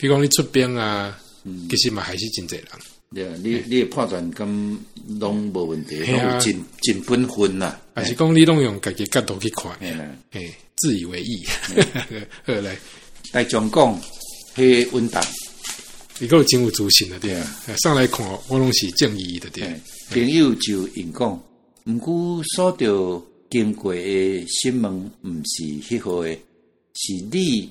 比如講你出兵啊，嗯、其實嘛還是真濟人對啊，你、欸、你的判斷咁攏冇問題，攏、啊、有真真本分啦、啊。還是講你攏用自己的角度去看，誒、欸欸，自以為意。欸、呵呵好來，帶長工去問答。你夠有自信的上來看我攏是正義的、啊欸、朋友就應講唔過，所釣經過的新聞唔是適合的，是你。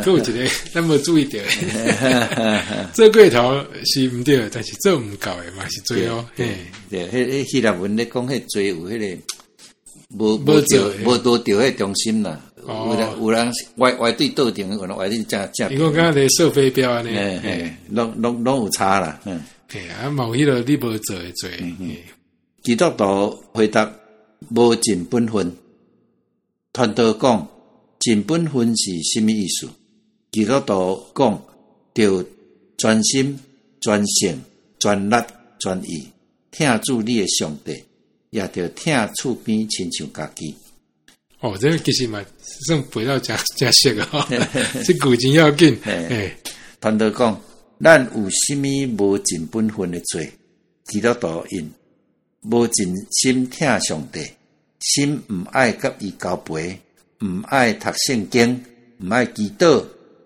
所有一個咱，無注意到、啊。做過頭是唔對的，但是做唔到誒嘛是做哦。對，迄迄希臘文咧講，迄、那個那個、做有迄個無無着無拄着迄中心啦。哦、有人有人外外地倒定，可能外定正正。因為敢若咧射飛鏢安呢，咧攏攏攏有差啦。嗯，對啊，嘛有迄路你無做誒，做。基督徒回答無盡本分，團隊講盡本分是啥物意思？基督徒講，着全心、全性、全力、全意，聽住你的上帝，也着聽厝邊親像家己。哦，這個其實蠻上背到真真熟古經、喔、 真要緊。談到講，咱有甚物無盡本分，分的罪？基督徒因無盡心聽上帝，心唔愛甲伊交陪，唔愛讀聖經，唔愛祈禱。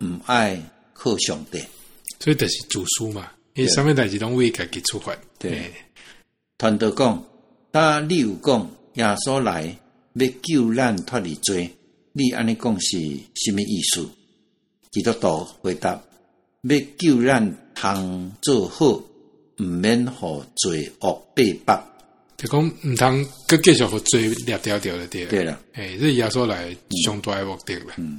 毋愛靠上帝，所以著是自私嘛。伊啥物代志攏為家己出發。對，團德講，但你有講亞索來要救咱脫離罪，你安尼講是啥物意思？基督徒回答：要救咱通做好，毋免互罪惡背叛。就講毋通佢繼續去追，掉了啲。對啦，誒，亞索來熊多目的嗯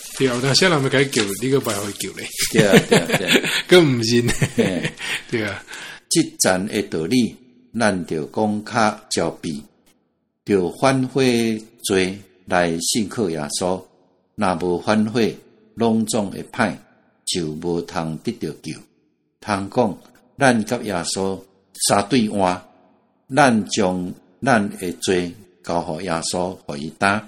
有但係，我咪叫呢個唔可以叫對啊對啊對，咁對啊，積善，啊啊啊 啊、道理，咱就講卡交俾，就反悔罪來信靠耶穌。若無反悔，攏總會派就無通得到救。通講，咱甲耶穌相對話，咱將咱嘅罪交乎耶穌回答。